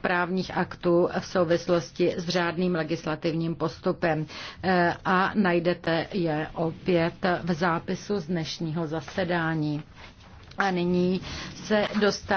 právních aktů v souvislosti s řádným legislativním postupem. E, a najdete je opět v zápisu z dnešního zasedání. A nyní se dostává